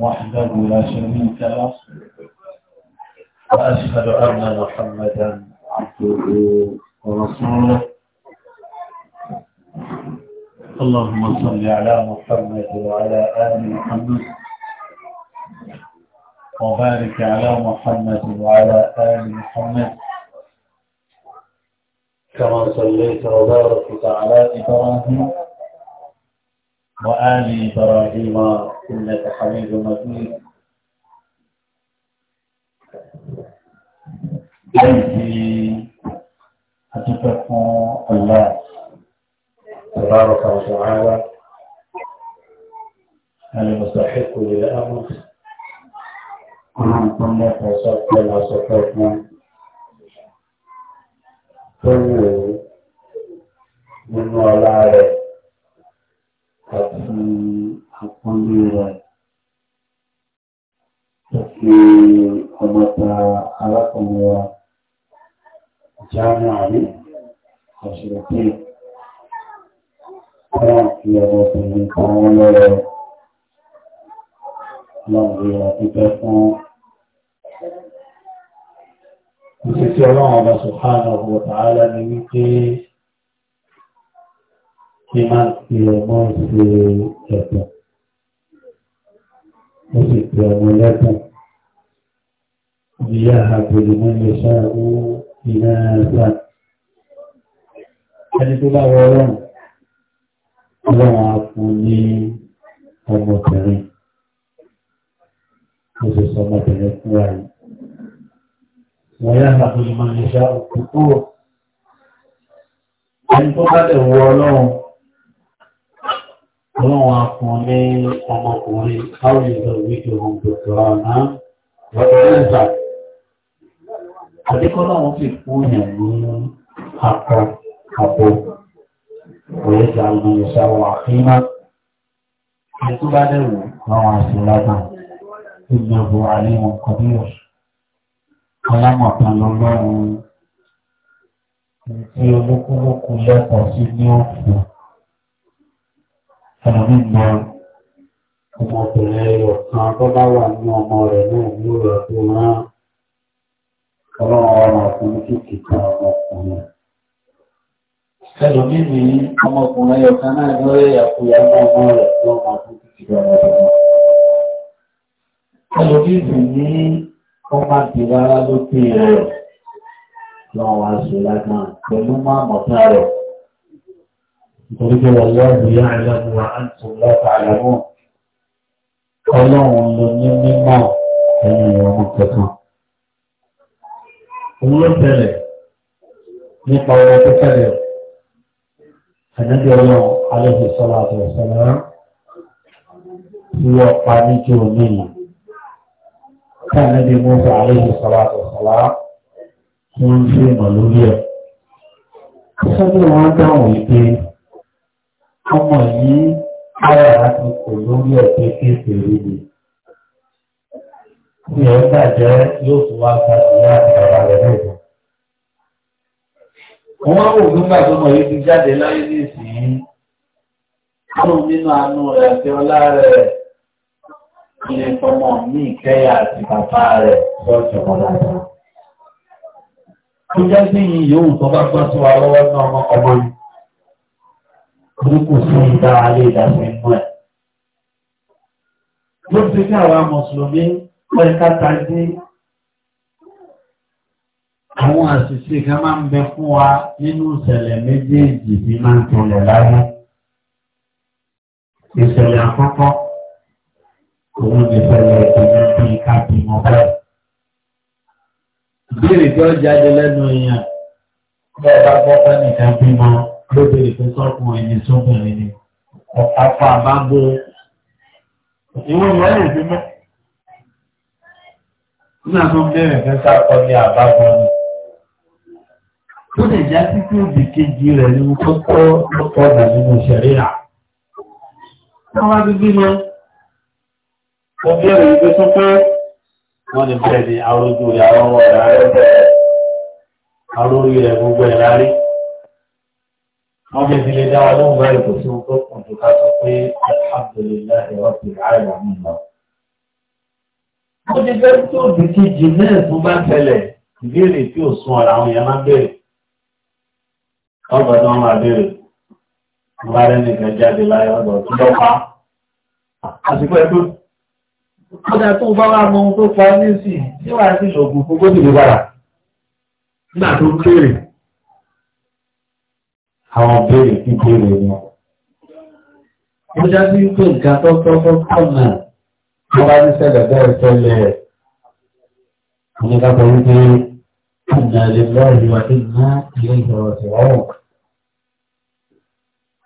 وحده لا شريك له وأشهد أن محمدا عبده ورسوله اللهم صل على محمد وعلى آل محمد وبارك على محمد وعلى آل محمد كما صليت وباركت على إبراهيم وآل إبراهيم إنك حميد مجيد أنتي أتتقى الله تبارك وتعالى المستحق للأمر كل كنا فصلت ما صفتنا كل من ولا عليك lórí rẹ̀ àti ọmọta arákùnrin wa jáàmù àrí àṣìrìkí láti ọmọbìnrin kan lọ́rọ̀ lọ́rọ̀ àtúgbẹ́ fún Ìṣẹ́sí ọlọ́run ọba subhanahu wa ta'ala wípé kí máa ń fi ẹ̀mọ́ ìṣẹ́ ẹ̀tọ̀ ó sì pè ọmọ lẹ́kùn ìyá àgbèlùmọ́ lè ṣáàrú iná ẹ̀sà ẹni tó bá wọ ọlọ́run ọlọ́run á fún ní ọmọbìnrin ó sì sọ ọmọbìnrin fún wa yìí wọ́n yá àgbèlùmọ́ lè ṣáàrú kúkúrò ẹni tó bá lè wọ ọlọ́run ọlọ́wọ́n fún ní ọmọkùnrin káwọn ìlú ìwéjì ohun gbogbo ọ̀nà ọ̀dọ́lẹ́sà àdékọ́láwọ́n sì fún yẹn ní akọ àpò òyìnbá ọmọ ìṣàwọ̀ àfihàn ètò bá dẹ̀wò àwọn àṣìlágbà ìjọba àríwọ̀n kọ́bíyọ̀ ọlámọ̀kan lọ́lọ́run tí olúkúlùkù lẹ́kọ̀ọ́ sí ní òfin ẹ̀mí mọ ọmọbìnrin ẹyọ kan tó bá wà ní ọmọ rẹ̀ náà ní ọ̀rọ̀ tó rán ọlọ́run ọmọ ọkùnrin kìkì kan ọmọkùnrin. ẹlòmíì ní ọmọkùnrin ẹyọ kan náà ló rẹ̀ yàkuyà ní ọmọ rẹ̀ tó ọmọ ọkùnrin kìkì kan ọmọkùnrin. ẹlòmíì ní ọmọbìnrin rárá ló pè rẹ̀ lọ́wọ́ àṣẹ lágbọ́n pẹ̀lú mọ́ àmọ̀tá rẹ̀. Ìgbòrígbò ọlọ́run yá ẹlẹ́mú wa ń tún lọ́ta àlẹ́mú. Ọlọ́run ló ní mímọ̀ ẹ̀yìn ìwọ̀n kẹtàn. Òun ló bẹ̀rẹ̀ nípa ọmọ tó tẹ̀lẹ̀. Ànábì ọlọ́run alẹ́sẹ̀ sọ́lá àti ọ̀sẹ̀lẹ̀ tí wọ́n pa níjó níyìn. Káànábì Mọ́sá alẹ́sẹ̀ sọ́lá àti ọ̀sẹ̀lá tí wọ́n ń fi mọ̀ lórí ẹ̀. Sọ́dọ̀ wọn dáhùn ìpè ọmọ yìí ara àti kò lórí ẹ̀jẹ̀ kékeré ni. Ní ẹ̀ bàjẹ́ yóò fún wa gba ìyá àti bàbá rẹ̀ lẹ́gbẹ̀ẹ́. Wọ́n wá wò nígbà tó mọ̀ yìí ti jáde láyé ní ìsìn. Àwọn nínú àánú rẹ̀ àti ọlá rẹ̀ ilé fọmọ ní ìkẹyà àti bàbá rẹ̀ lọ́jọ́ ọ̀làdà. Ó jẹ́ sí yìí yòówù tó bá gbọ́ sí wa lọ́wọ́ náà ọmọ yìí burúkú sí ìdára lé ìdásẹ̀ inú ẹ̀. Ló ti ní àwọn Mùsùlùmí pẹ́ káta dé àwọn àṣìṣe kan máa ń bẹ fún wa nínú ìṣẹ̀lẹ̀ méjèèjì bí máa ń tọlẹ̀ láyé. Ìṣẹ̀lẹ̀ àkọ́kọ́ òun ni ìṣẹ̀lẹ̀ ìṣẹ̀lẹ̀ bí kábìmọ bẹ́ẹ̀. Ìbéèrè tí ó jáde lẹ́nu èèyàn bí ọba gbọ́ fẹ́ bímọ ló bèrè pé sọ́kùn ẹni sóbìnrin ni ọ̀pọ̀ àbábọ̀ ìwé ìwọ́lẹ̀ ìbí mọ́. Nígbà tó ń bẹ̀rẹ̀ fẹ́ sákọ ní àbábọ̀ ni. Tó lè já sí pé òbí kejì rẹ̀ ni tó kọ́ lọ́pọ̀ ọ̀dà nínú ìṣẹ̀rí rà. Wọ́n wá bíbí mọ́. Ó bẹ̀rẹ̀ ìgbé sọ pé wọ́n lè bẹ̀rẹ̀ ní arójú rẹ̀ àwọn ọmọ rẹ̀ arẹ́bẹ̀rẹ̀. Arórí rẹ̀ gbogbo ẹ̀ lárí wọ́n lè fi lè dá wa lóhùn báyìí kò sí ogún kùn tó ká sọ pé alhamdulilayi rabbil alamin lọ. ó ti fẹ́ tí òdì kejì náà tún bá tẹ̀lẹ̀ ìbéèrè tí ò sún ọ̀rọ̀ àwọn yẹn máa béèrè. ọgbọ̀n tí máa béèrè wọ́n bá rẹ́ jáde láyé ọgbọ̀n tó lọ́pàá. àsìkò ẹ̀kú. ọjà tó bá wà mọ ohun tó pa nísìnyí tí wàá sì lògùn gbogbo ìdìbò nígbà tó ń béèrè àwọn béèrè sí béèrè wọn. Ó dájú pé nǹkan tó tọ́ tó tọ́ náà wọ́n bá ní sẹ́lẹ̀ bẹ́ẹ̀ tẹ́lẹ̀ oníkàtọ̀ wípé ìnà lè lọ́ọ̀rì wà ní ilé ìjọba ti ọ̀rọ̀.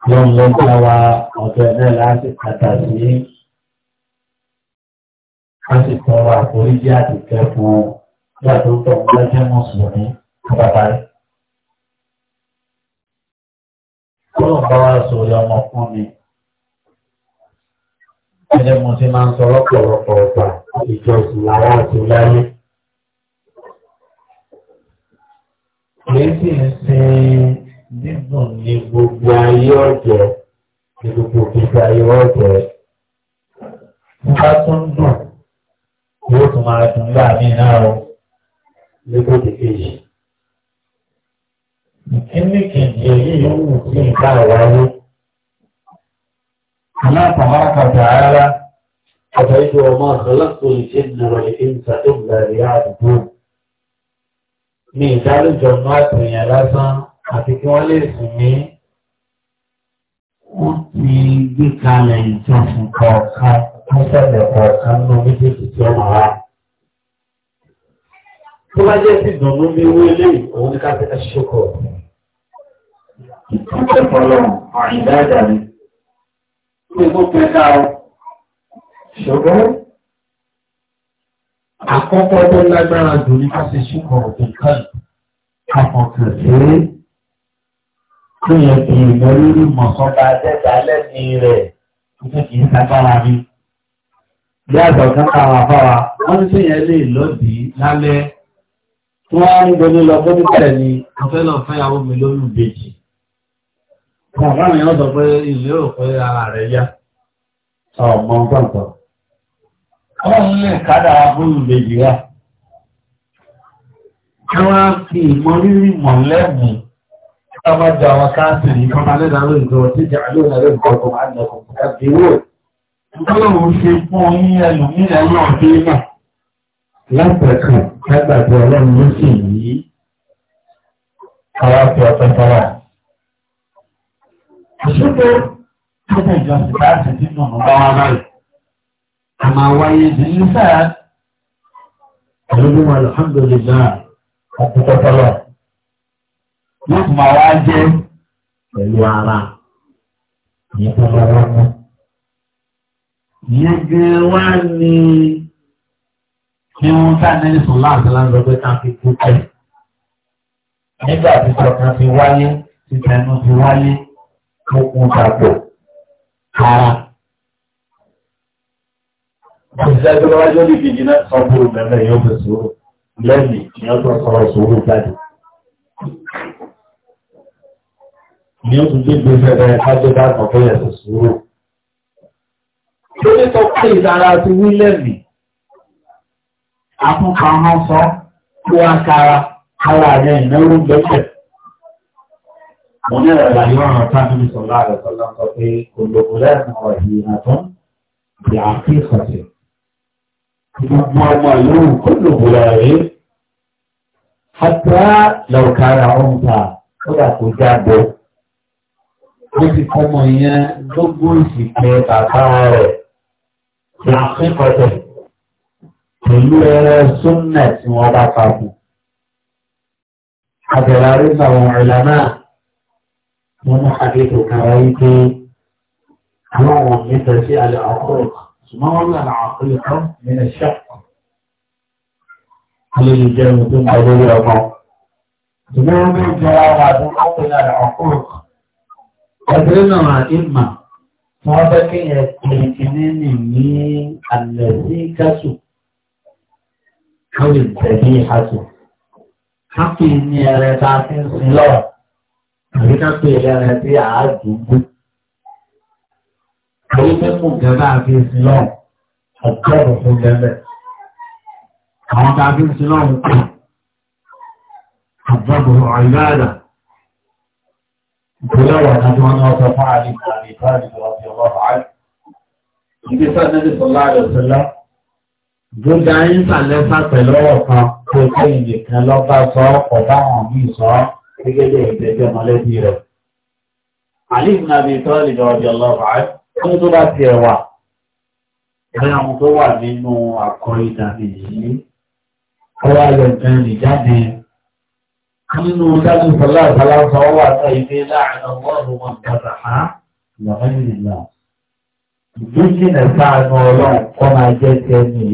Wọ́n lọ bá ọlọ́run bá wá sórí ọmọ fún mi. Ẹ̀jẹ̀ mo ti máa ń sọ lọ́pọ̀lọpọ̀ ọ̀gbà ìjọsìn làwọn àti láyé. Kìí sì ń ṣe dídùn ní gbogbo ayé ọ̀jẹ̀ ní gbogbo gbogbo ayé ọ̀jẹ̀. Mo bá tún dùn, yóò tún máa dùn láàmì náà o, kejì ìkíní kejì èyí yòówù sí ìta ìwáyé. Aláàtàmá kàtà ara ọ̀tọ̀ ìjọ ọmọ àkọlọ́pọ̀ ìṣe nàrọ̀ ìṣe ìgbà rí àdúgbò. Mi ìdálójọ máa tèèyàn lásán àti kí wọ́n lè sìn mí. Wọ́n ti gbé kalẹ̀ ìjọsìn kọ̀ọ̀kan mọ́sálẹ̀ kọ̀ọ̀kan ní méjèèjì tí ó máa wá. Tó bá jẹ́ sí ìdùnnú bí owó ilé ìkòwò ní ká fẹ́ ṣe kọ̀ọ̀kan ìtọ́jọ́pọ̀lọ́run àìdá ìdàrí. Gbogbo pẹ́ta ọ, ṣùgbọ́n àkọ́kọ́ tó lágbára jù ní ká ṣe ṣúkọ̀ òkèkàn kàkọ̀kàn sí kí yẹn fi ìmọ̀ lórí mọ̀sánba dẹ́ta lẹ́ni rẹ̀ tuntun kì í sagbára mi. Bí àgbà kan kára fára, wọ́n ní sí yẹn lè lọ́dìí lálẹ́. Wọ́n á ń gbóni lọ fún tẹ̀lé, mo fẹ́ lọ fẹ́yàwó mi lóyún bèjì. Bàbá mi ọ̀dọ̀ pé ilé ò pé ara rẹ̀ yá. Ọmọ gbọ́ntọ̀. Ọlọ́run lè kádà bóyú méjì wá. Kí wọ́n fi ìmọ̀ rírì mọ̀ lẹ́bùn ká má jọ àwọn káàsì ní kan alẹ́ náà lóyún lọ sí ìjà lóyún lẹ́rẹ́ nǹkan tó máa ń lọ kọ̀ọ̀kan káàkiri ṣe fún yín ẹlòmíràn náà dé náà. Lápẹ̀kan, lágbàdo àṣùgbò tẹ́tẹ́ ìjọsìn bá ti dín nù bá wá báyìí. Àmà wáyé di nísà. Àlejò wa alhamdulilayi ọkùnkùn tọ́lọ̀. Wọ́n tún máa wá jẹ́ pẹ̀lú ara. Ìyẹn tó lọ́wọ́ mú. Ìyẹn gan wá ní ní wọ́n ká nẹ́ni sùn láti láńdọ pé ká fi kú pẹ̀. Nígbà tí sọ̀kan ti wáyé, ti tẹnu ti wáyé tó kún papọ̀ ara. Òṣìṣẹ́ tó lọ́wọ́ jọ́ níbi ìjìnà sọ fún ìgbẹ̀rẹ̀ yóò fi sòrò lẹ́yìn ni ó tó sọ̀rọ̀ sòrò jáde. Ni ó tún gbégbé fẹ́rẹ̀ kájọ bá kọ̀ tó yẹ̀ sòrò. Tó ní sọ pé ìdára ti wí lẹ́mìí, àtúnkà wọn sọ kó wá kára, ara rẹ̀ ìnáwó gbẹ́sẹ̀ òun náà là yóò hàn tábìlì sọ̀lá rẹ̀ sọ̀lá sọ pé kò lòkù lẹ́nu ọ̀rọ̀ ìhìnà tó ń di àfi ìsọ̀tẹ̀. Gbogbo ọmọ yóò kó lòkù lẹ́rẹ̀ Hàtà lọ́kàrà ọ̀ǹtà kódà kò jáde. Ó ti kọ́mọ yẹn gbogbo ìsìnkẹ́ bàbá rẹ̀ ti àfi ìsọ̀tẹ̀ pẹ̀lú ẹrẹ súnnà tí wọ́n bá fa fún. Àbẹ̀rẹ̀ àrísà àwọn ìlànà nínú àdéhù kàrà wípé àwọn òun nífẹ̀ẹ́ sí alẹ́ àkọ́rọ̀ ṣùgbọ́n wọ́n lànà àkọ́rọ̀ kan nínú ṣẹ́kù alóyè jẹ́ ohun tó ń bọ̀ lórí ọmọ ṣùgbọ́n wọ́n bí jọra wà tó ń kọ́ pẹ̀lú alẹ́ àkọ́rọ̀ ẹgbẹ́ náà ìmà wọ́n fẹ́ kí ẹ pè kíní nì ní alẹ́ sí kásù káwé tẹ̀lé àtò káfíìn ní ẹrẹ tá a fi ń sin lọ́wọ́. àbí ká pè lẹ́rìn tí àádùúgbò. Àyè mímú gẹ́gẹ́ àfi ìsinlọ́ ọ̀pọ̀rọ̀ fún gẹ́gẹ́. Àwọn tá a fi ìsinlọ́ ń pè àjọ́bù àìláàdà. Ìpínlẹ̀ wà láti wọn náà sọ fún àlè àlè ìtàlè ọ̀sẹ̀ ọ̀rọ̀ àlè. Ibi sọ́nà ní sọ́lá rẹ̀ sọ́lá. Gbogbo ayé ń sàlẹ́sà pẹ̀lú ọ̀kan tó kẹ́yìn gẹ́gẹ́ bí ìtẹ́jẹ́ mọ́lẹ́bí rẹ̀. Àlì ìbùnà bí tọ́lì lọ́jọ́ lọ́wọ́ fún tó bá ti ẹ̀wà. Ẹ̀rẹ́ àwọn tó wà nínú àkọ ìdàmì yìí, ọwọ́ ayọ̀ nǹkan lè jáde. Nínú dájú sọ́lá àbálá sọ wà sọ ìgbé láàrin ọgọ́rùn-ún wọn padà á lọ́wọ́ ìrìnlá. Ìgbésìnà sáànù ọlọ́run kọ́ máa jẹ́ ti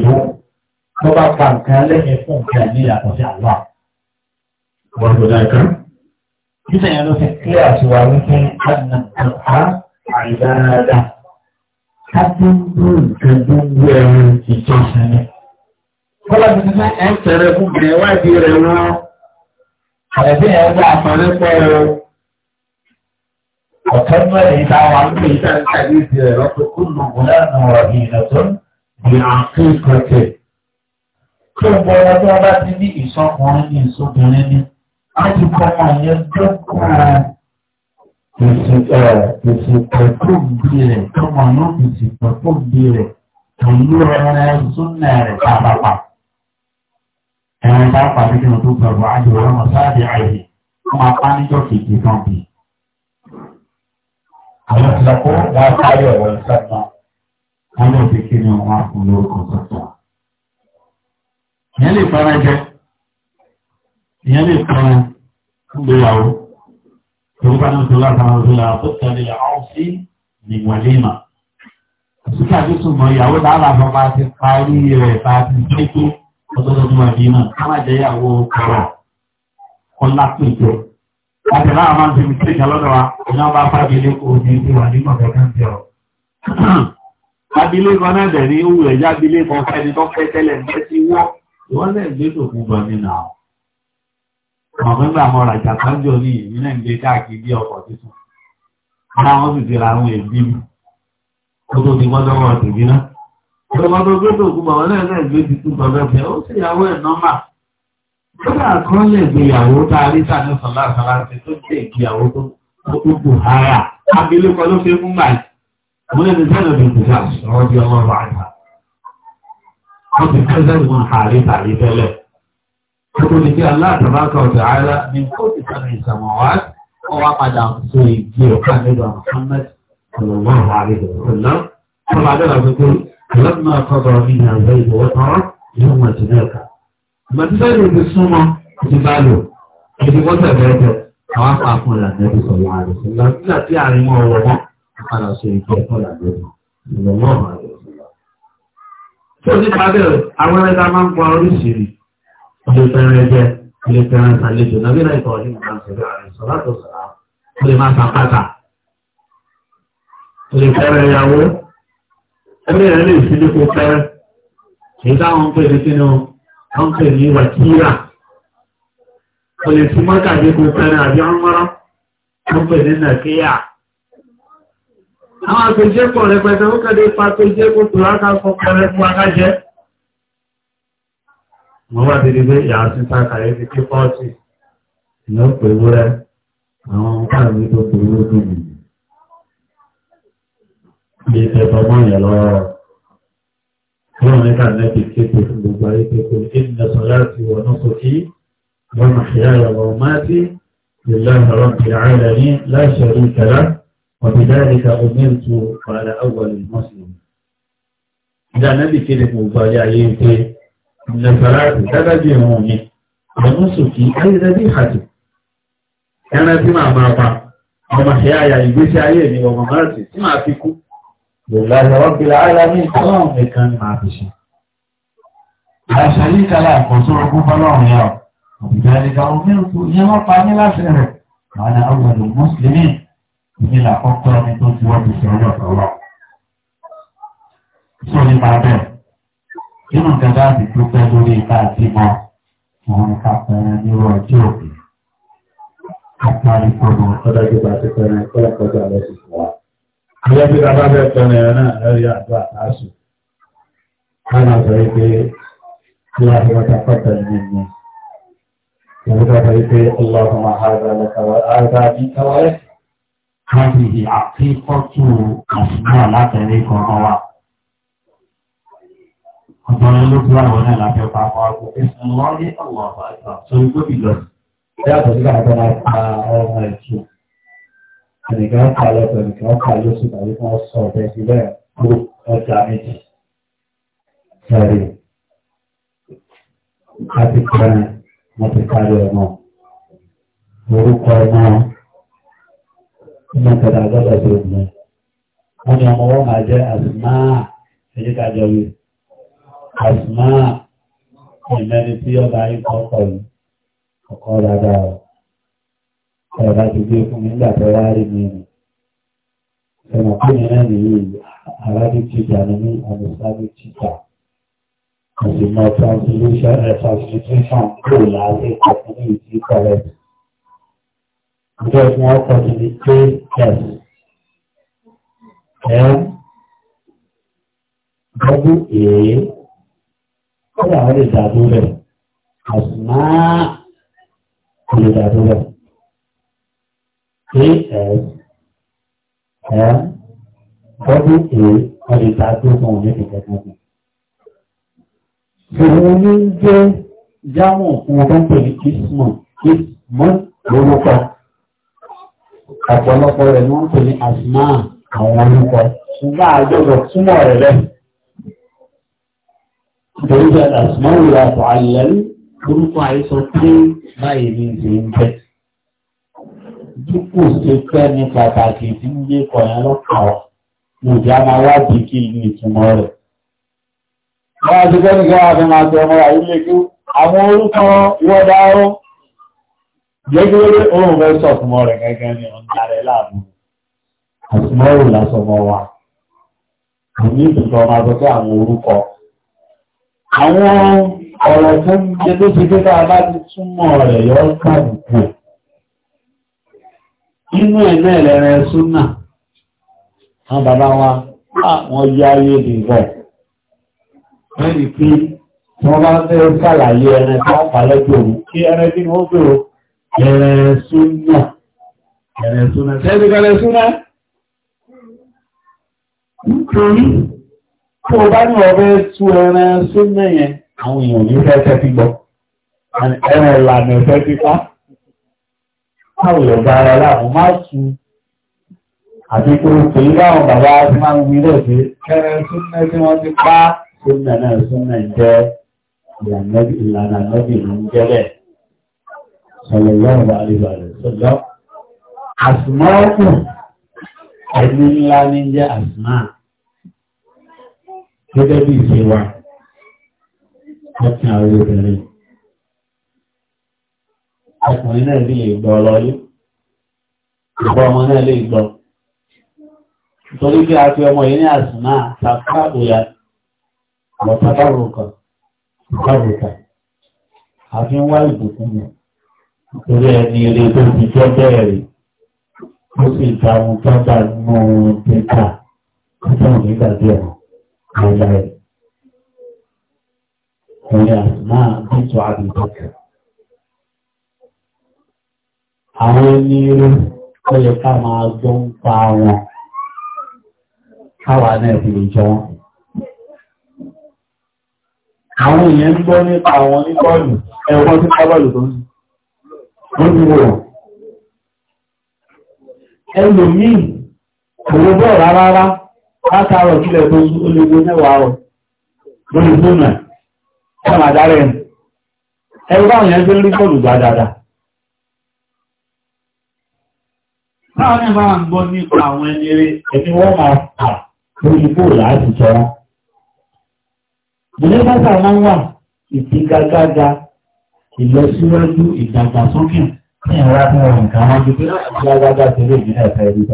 Títẹ̀ yẹn ló fi kí àtiwà wípé àna àpá àìdáradá. Ká tó ń bú nǹkan tó ń wú ẹ̀rọ ìjọsìn ni. Kọ́lá ti ní ẹ̀ ń tẹ̀rẹ̀ fún bẹ̀rẹ̀ wáìdí rẹ̀ wọ́n. Àrẹ̀bí ẹ̀ ń wá àpẹẹrẹ pẹ́ o. Ọ̀tọ́ mẹ́rin ìta wa ń pè ìta níta ní ìdí rẹ̀ lọ́pẹ́ kó lù wọ́n lẹ́nu ọ̀rọ̀ ìrìnàjò ní àkókò kẹ̀kẹ́. Kí o bọ̀ ọ́ láti kọ́ àyẹ̀ dẹ́kun ìsìnkọ̀ tó bí rẹ̀ tọ́mọ náà ìsìnkọ̀ tó bí rẹ̀ pẹ̀lú ẹran súnà rẹ̀ pàpàpà. Ẹran bá pàdé kí wọ́n tó gbàgbọ́ àjọ ọmọ sáàdì àyè wọ́n máa pa níjọ́ kejì kan bì. Àwọn ìsìnkọ̀ wọ́n sáré ọ̀rọ̀ ìsẹ́gbọ́n. Wọ́n lè fi kí ni wọ́n á fún lórúkọ tuntun. Ìyẹn lè fara jẹ́ ìyẹn lè kan ìgbéyàwó orúkọ náà sọlá kan ọ̀sọ̀lá tó tẹ̀lé àwọn sí nìwọ̀lẹ́mà síkà tó túnmọ̀ ìyàwó dáadáa fún bá ti parí rẹ̀ bá ti dé tó ọdọ́dọ́dún àdínà ká má jẹ́ ìyàwó kọ̀rọ̀ ọlá pèjọ láti náà máa ń fi mistake lọ́dọ̀ wa iná bá fábílé kò ní ti wà nínú ọ̀dọ̀ kan ti ọ̀. abilékọ náà dẹ̀ ní òwúrẹ̀ jábílé kan fẹ́ni tó fẹ́ tẹ́lẹ̀ ń bẹ́ sí wọ́ ìwọ́n lẹ́ẹ̀ gbé tòkun nínú àwọn ọ̀gbẹ́gbà mọ́ ràjà tọ́jọ́ ní ìmìnà ń gbé káàkiri bí ọkọ̀ títún ara wọn sì ti ra àwọn èbí mi ó tó ti gbọ́dọ̀ wọ tèmi náà ọmọ tó gbé tó gbọ́ wọn náà náà gbé títún gbọ́dọ̀ bẹ ó sì yàwó ẹ̀ nọ́mà ó dà kán lè gbéyàwó tá a rí sàánú sọlá sọlá ti tó jẹ ìgbéyàwó tó tó kù ara abilékọ ló fi mú báyìí mo lè ní sẹ́nu mi kù sá ọ̀rọ̀ bí ọmọ rà á ta ó ti fẹ́ sẹ́nu wọn àrí tàbí tẹ́lẹ̀ Kótó ni pé aláàtàbákà ọ̀tà ara ní kóòtù sára ìsàmọ̀ wá wọ́n wá padà so ìgbé ọ̀ká nílò Muhammad sallallahu alaihi wa sallam. Wọ́n bá dára pé pé ọlọ́mọ akọ́bọ̀ mi ní àgbẹ̀ ìbọ̀wọ́ tán yóò Tó nípa bẹ́ẹ̀ àwọn ilé fẹ́ràn ẹgbẹ́ ilé fẹ́ràn sàlejò nàbí náà ìtọ̀ ní ìgbà ṣẹlẹ̀ àìsàn látò sàrà ó lè máa sàpàtà ilé fẹ́ràn ìyàwó ẹgbẹ́ rẹ̀ lè fi lé kó fẹ́rẹ́ kì í dáhùn pé ní sínú wọ́n pè ní wàkíyà ó lè fi mọ́tà dé kó fẹ́rẹ́ àbí ọmọrán wọ́n pè ní nàkíyà àwọn àpèjẹ́ pọ̀ rẹpẹtẹ ó kẹ́lẹ́ pa àpèjẹ́ kó tó lákàkọ́ pẹ̀lẹ́ fún akájẹ́ wọ́n wá ti di pé ìyá sísá kàyé ti pé pọ́ọ̀tì ìyá pè wúrẹ́ àwọn káàmì tó pè wúrẹ́ tó bì bí ẹ̀fọ́ mọ́ ìyá lọ́wọ́ wọ́n ní káàmì ti képe fún gbogbo ayé pé kò ní ní ẹ̀sọ́ láti wọ̀ ní sókí wọ́n máa ṣe àyà wọ̀ máa ti ìlà ìrọ̀rùn ti àárẹ̀ ní láṣẹ orí kẹlá وبذلك أمرت على أول المسلم. إذا نبي كده مبايعين ìjọ sàláàtì gẹ́gẹ́ bí ìrún mi ọmọ sòkì ayẹyẹ bí ìhàjì ẹran tí màá máa pa ọmọ ṣẹ́yà ìgbésí ayé mi ọmọ márùn-ún tí màá fi kú lòlá lọ́wọ́ bí ara ní ìtọ́lọ́run nìkan ni màá fi ṣe. àṣàlí kalẹ̀ àkóso ogún bọ́lọ́run yà ọ́ òbíkà nígbà omi òkú ìyẹn wọ́n pa ní láṣẹ rẹ̀ wọn ni àwọn ọ̀dọ̀ mùsùlùmí ní làkọ́kọ́ ẹni tó ti wọ́n ti sọ̀rọ̀ ọ̀rọ̀. sọ nípa bẹ́ẹ̀ nínú ìjọba àti pípẹ́ lórí ipa àti mọ́ òun ni ká pẹ̀rẹ̀ ní ọjọ́ ọjọ́ òbí kápá ìfọ̀nà ọ̀dájú bá ti pẹ̀rẹ̀ kọ́lọ̀kọ́jọ́ alẹ́ sì fún wa. Ilé bí bàbá fẹ́ pẹ̀rẹ̀ ẹ̀ náà lórí àjọ àtàṣù. Wọ́n máa sọ wípé kí wọ́n fi wọ́n ta pọ̀tà nínú mi. Ìwé bá wípé Ọlọ́run àhàrà àgbà bí ọ̀tọ̀ ló tó àwọn náà láti ọ̀pá àwọn àgbò ẹ̀sùn wọn ní ọ̀wọ̀ àbájá sórí tó bìlọ̀ yàtọ̀ sí káàkiri àpá ọmọ ẹ̀tù ẹnìkan kà lọ́tọ̀ ẹnìkan kà lóṣù tàbí kan sọ ọ̀bẹ sílẹ̀ kó ọjà méjì sẹ́rí àti kẹrin wọn ti kárí ọmọ orúkọ ọmọ ọmọ kẹta gbọ́dọ̀ sí òmìnir wọn ni ọmọ wọn máa jẹ àti máa yìí àìsàn ìmẹ́ni tí ọba yìí kọ́kọ́ yìí ọkọ̀ dáadáa ọ̀ ẹ̀rọ ti gbé fún mi nígbà tó wá rí mi rìn ẹ̀rọ pé mi náà nìyí arábí tìjà ni mí àmìsábí tìjà kò sì mọ translation eh, translation kúrò láàárín ìkọ̀kún ní ìdí correct. Ǹjẹ́ ìfún ọkọ̀ ti di KS M W A kọ́dà wọ́n lè dà tó bẹ̀ àsùnmá kò lè dà tó bẹ̀ as ẹ bọ́dún a wọ́n lè dà tó fún òun ní ìkẹ́kẹ́ kan. Ìwọ̀n ní ń jẹ́ jámọ̀ fún ọdún pẹ̀lú Kismọ̀ Kismọ̀ lórúkọ. Ọ̀pọ̀lọpọ̀ rẹ̀ ni wọ́n pè ní Asma àwọn orúkọ. Ṣùgbọ́n àjọyọ̀ túmọ̀ rẹ̀ bẹ́ẹ̀ torí pé àsùnmọ́ ìwà àpò àyẹ̀lú orúkọ àìsọ pé báyìí ní ìṣe ń bẹ̀. dípò ṣe pẹ́ ní pàtàkì tí ń yé kọ̀ọ̀yàn lọ́kàn ọ̀ lòdì á máa wádìí kí ní ìtumọ̀ rẹ̀. wọ́n á ti fẹ́ nígbà wà fún máa tẹ ọmọ rà ilé kí àwọn orúkọ ìwọ́dà ó gbégbéré òun fẹ́ sọ fún ọmọ rẹ̀ gẹ́gẹ́ ní ọ̀nà rẹ̀ láàbù. àsùnmọ́ ìwà wa kò ní ìdùnkọ̀ máa sọ pé àwọn orúkọ àwọn ọ̀rọ̀ tó ń jẹ tó ti dé dáa bá ti túnmọ̀ rẹ̀ yọ́ kàbùkù inú ẹ̀nà ẹ̀lẹ́rẹ̀ súnà àwọn bàbá wa àwọn yá ayé dìbọ̀ mẹ́rì pé wọ́n bá fẹ́ sàlàyé ẹ̀rẹ pápá lẹ́gbẹ̀rún kí ẹ̀rẹ tí wọ́n gbèrò ẹ̀rẹ súnà ẹ̀rẹ súnà Kí o bá ní ọ̀rẹ́ tú ẹran súnmọ́ yẹn, àwọn èèyàn yìí fẹ́ fẹ́ fi gbọ́. Ẹran ìlànà ẹ̀fẹ́ fífá. Káwọn èèyàn bá ara láàmú má tu. Àti kí o pè é láwọn bàbá tí máa ń wí lẹ̀ pé ẹran súnmọ́ tí wọ́n ti pa súnmọ́ náà súnmọ́ jẹ́ ìlànà lọ́bì ló ń jẹ́lẹ̀. Sọ̀lọ́lọ́rùn àríwáyé sọ̀lọ́. Àsùnmọ́ ọ̀kùn ẹni ńlá ní jẹ́ àsùnmọ́ gẹ́gẹ́ bí ìṣe wa láti àwọn obìnrin. Ọkùnrin náà lè gbọ́ lọ́yí, ìgbọ́ ọmọ náà lè gbọ́. Nítorí bí a fi ọmọ yìí ní àsùnmá tàbí òyà lọ tàbárùkà, tàbárùkà, a fi ń wá ìbùkún mi. Nítorí ẹni eré tó ti jọ bẹ́ẹ̀rẹ̀, ó sì ta ohun tó bá nínú ohun tó ta, ó tàn nígbàdí ọ̀run àyà Ẹ̀yà máa bíjọ àbìbọ̀kẹ̀. Àwọn ẹni irú ó yẹ ká máa gbọ́ ń pa wọn. Káwa náà fi lè jọ wọn. Àwọn èèyàn ń gbọ́ nípa àwọn ní ẹ̀wọ́n tí bọ́ọ̀lù tó ń wọ́n Ẹlòmíì kò gbọ́ rárá látàrọ̀ kílẹ̀ tó ológun mẹ́wàá ọ̀ lórí fóònà ọmọ àdárẹ̀ ẹ̀rọ láti sọ́ra ìdílé bàtà máa ń wà ìfigagága ìlọsíwájú ìdàgbàsókè ní ìrora fún ọ̀rọ̀ nǹkan wọn ju pé láti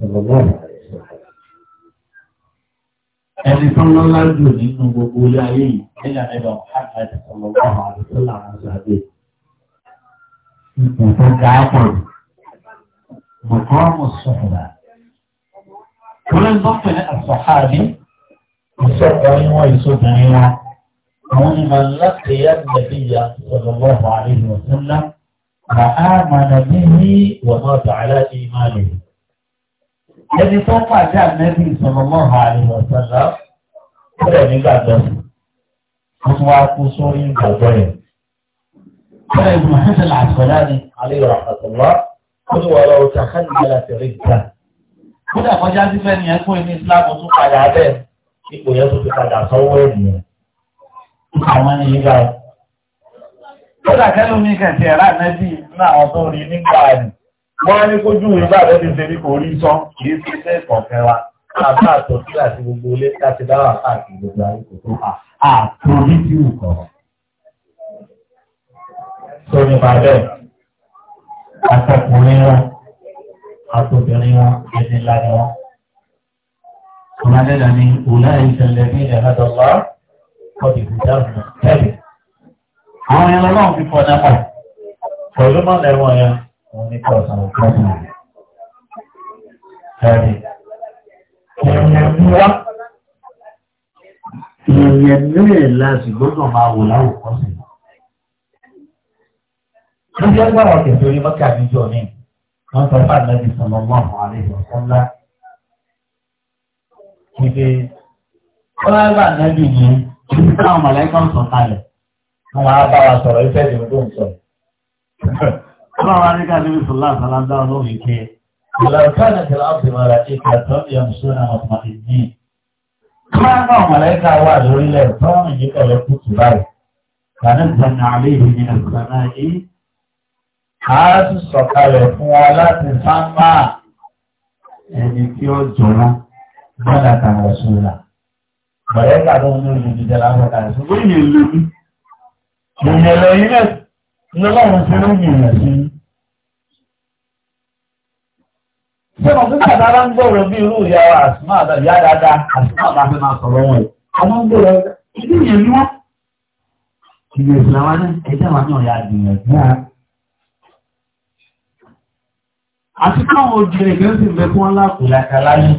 صلى الله عليه وسلم ẹni tó lọ́lá jù nínú gbogbo ilé ayé yìí nílẹ̀ ẹ̀dọ̀ Muhammad sallallahu alaihi wasallam àṣàdé ipò tó ga pọ̀ mọ̀kọ́rọ̀mù sọ̀rọ̀ kọ́lẹ́ lọ́pẹ̀ ní àṣọ̀háàbí ìṣọ̀kọ́ ni wọ́n ìṣọ̀bìnrin wọn àwọn ni màá láti yá nàbí ya sallallahu alaihi wasallam màá màá nàbí yí wọ̀nà tààlà ìmáàlì yìí. ẹni tó pàdé ànẹ́bí sallallahu alaihi wasallam ó rẹ̀ nígbàgbọ́ ó tún wá kú sórí ìgbàgbọ́ yẹn. Bẹ́ẹ̀ ni Mọ̀sẹ́sẹ̀ làṣọ̀lá ni alaihi rahmatullah ó ní wọ́n lọ ọjà kánìyàn láti rí ìgbà. Kódà kọjá sí fẹ́ ni ẹ fún ẹni Ìsìláàmù tún padà bẹ́ẹ̀ ipò yẹn tó ti padà sọ́wọ́ ènìyàn. Àwọn ni yíga. Kódà kẹ́lómi kẹ̀sì ẹ̀rá ànẹ́bí náà ọ̀tọ́ rí nígbà rẹ̀ wọ́n ní kójú ìgbà rẹ̀ ti ṣe ní kò rí sán kìí ṣe iṣẹ́ ìkànfẹ́ wa àbá àtọ́sí àti gbogbo ilé láti dá wà káàkiri gbogbo àríkò tó àtòrí tí ò kàn. tó nípa bẹ́ẹ̀ àtọkùnrin wọn àtọkùnrin wọn ẹni ńlá ni wọn. Ọ̀nàdẹ́dà ni òlà ìṣẹ̀lẹ̀ bí ilẹ̀ àdọ́gbà kọ́dì ìdáhùn tẹ́lẹ̀. Àwọn ẹran náà fi kọ́ náà pẹ̀lú mọ́lẹ̀ wọn yẹn òun ní kọ̀ọ̀sán kọ́ọ̀sán ẹ̀rí. Ẹ̀yẹ̀ ń wá. Ẹ̀yẹ̀ náà láti gbọ́dọ̀ máa wò láwòkọ́ sí. Ó jẹ́ gbàwọ̀ kẹfẹ́ orí mọ́kà níjọ ní wọ́n sọ fún àdájú sọ̀rọ̀ ọgbọ́n àlejò ọ̀sánlá. Ìgbé kọ́lábà nábì ní ibi táwọn mọ̀lẹ́kọ̀ ń sọ kalẹ̀. Wọ́n máa bá wa sọ̀rọ̀ ìfẹ́ ìdìbò tó ń sọ̀rọ̀. Ọlọ́run Aríkà Lórí Sọlá Àtàládá ọlọ́run ìkẹ́. Ìlàkánà tẹ̀lá ọ̀pẹ̀mọ̀lá ìkà tọ́lẹ̀ ọ̀ṣọ́nà ọ̀pọ̀ ìdí. Káàkà ọ̀mọ̀lẹ́kà wà lórílẹ̀ tọ́rùn yìí kọ̀lẹ̀ kùtù báyìí. Kàníṣàn àléhì ní àṣàná yìí. A ti sọ̀kalẹ̀ fún wa láti sáńmà ẹni tí ó jọ̀rọ̀ bọ́lá kan ọ̀ṣọ́nà. Mọ̀lẹ́kà tó ń lórí ìdíjẹ́ láfọ̀kà ìṣòwò Ṣé mo fún bàbá bá ń gbọ́rọ̀ bí irú ìyá wa àsùnmọ́ àdá ìyá dáadáa àsùnmọ́ àdá fẹ́ máa sọ̀rọ̀ wọn. Àwọn ń gbọ́rọ̀ ìdí ìyẹn ni wọ́n. Ìgbésì làwọn náà ẹjẹ́ wa náà yà gbìyànjú. Àti káwọn obìnrin kan sì fẹ́ fún láàpù yàtà láyé.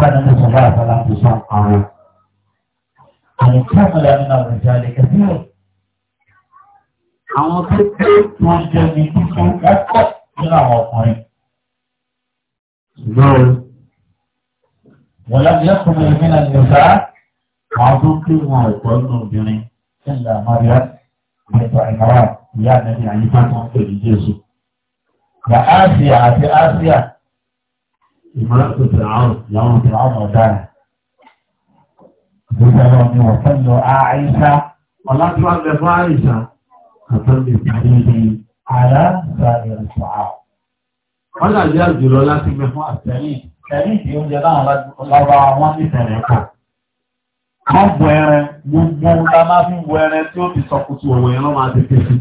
Bàdà ní sọ̀rọ̀ àtàlà sọ àwọn. Àwọn káàkiri àwọn àwọn ìjàlè kẹfì rẹ̀. Àwọn ṣùgbọ́n wọ́n láti lẹ́kùnrin ìmìnà ìyọ̀sá àwọn tó kí wọn ẹ̀kọ́ nínú obìnrin nígbà Maria nípa ìnáwà ìyá àtẹ́bí àyíká tó ń pèlú Jésù. Gba Áṣíà àti Áṣíà ìmọ̀ràn tó ti àwọn ìyàwó ti àwọn ọ̀daràn. Ìgbésẹ̀ wọn ni wọ́n fẹ́ lọ Àìsá. Ọ̀làdúrà lẹ́fọ́ Àìsá. ìpàdé ni àlá sáré ìpàdé wọ́n dàbí àjùlọ láti gbé fún àtẹ̀yìn tẹ̀yìn tí oúnjẹ náà lọ́wọ́ wọn ní tẹ̀lẹ̀ pọ̀. wọ́n bu ẹran gbogbo ńlá máa fi bu ẹran tí ó fi sọkùtù òwò yẹn lọ́wọ́ àti pèsè.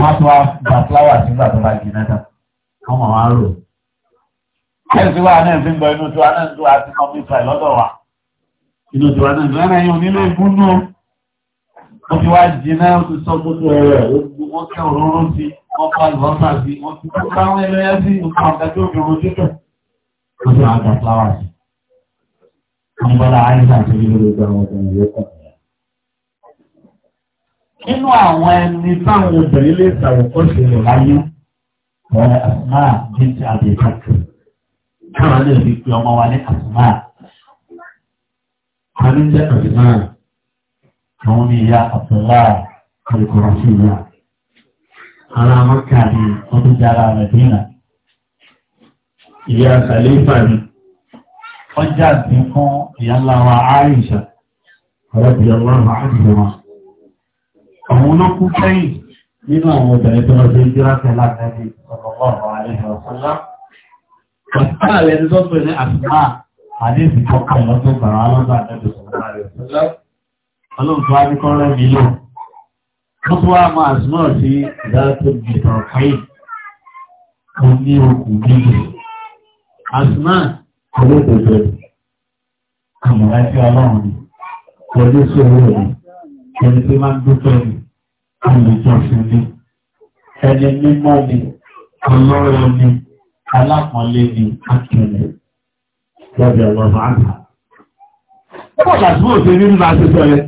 wọ́n tún wá gba fúláwà sígbà tó bá jìnnà dà wọ́n mọ̀ wá rò. kẹ́sì wa náà fi ń gbọ́ inú tiwa náà tó àti kọ́mpútà lọ́dọ̀ wa. inú tiwa náà tó ẹran yìí ò nílé ìgúnnú. ó fi wá jìnnà ó ti sọ wọ́n pa ìwọ́sà sí wọ́n ti kó káwọn àwọn ẹni táwọn obìnrin lè ṣàwòkọ́ sí rẹ̀ láyé wọ́n àsùnmá bí ti àbẹ̀ ìtàkì káwọn lè fi pe ọmọ wa ní àsùnmá. a ní jẹ́ àsùnmá àwọn ní ìyá àtúnlá àlùkò sí ìyá. ara mọ́kà ní ọdún jára rẹ̀ dínà ìyá sàlẹ́fà ní ọjà tí fún ìyáláwà Àìṣà ọ̀rọ̀bìyànláwà Àìṣà àwọn olókú kẹ́yìn nínú àwọn obìnrin tó lọ́dún jíra tẹ́lá tẹ́lá ọ̀pọ̀lọpọ̀ àrẹ́hẹ̀ ọ̀sánlá ọ̀sánlá rẹ̀ ní sọ́pẹ̀ ní àtìmá àdéhìí kọ́tọ́wà máa súnmọ́ sí ìdájọ́ ìjẹta ọ̀káyì kan ní okùn méjì àsùnmọ́ olóògbé àmọ̀lá tí ọlọ́run ni pẹ̀lú sí owó rẹ̀ ẹni tí máa ń dúpẹ́ ni olùjọsìn ni ẹni mímọ́ ni ọlọ́rọ̀ ni alápọ̀nlé ni akẹ́lẹ̀ lọ́bẹ̀ ọlọ́run àgbà. ó pọ̀ ṣàtúnwò sí nínú àṣìṣọ́ rẹ̀.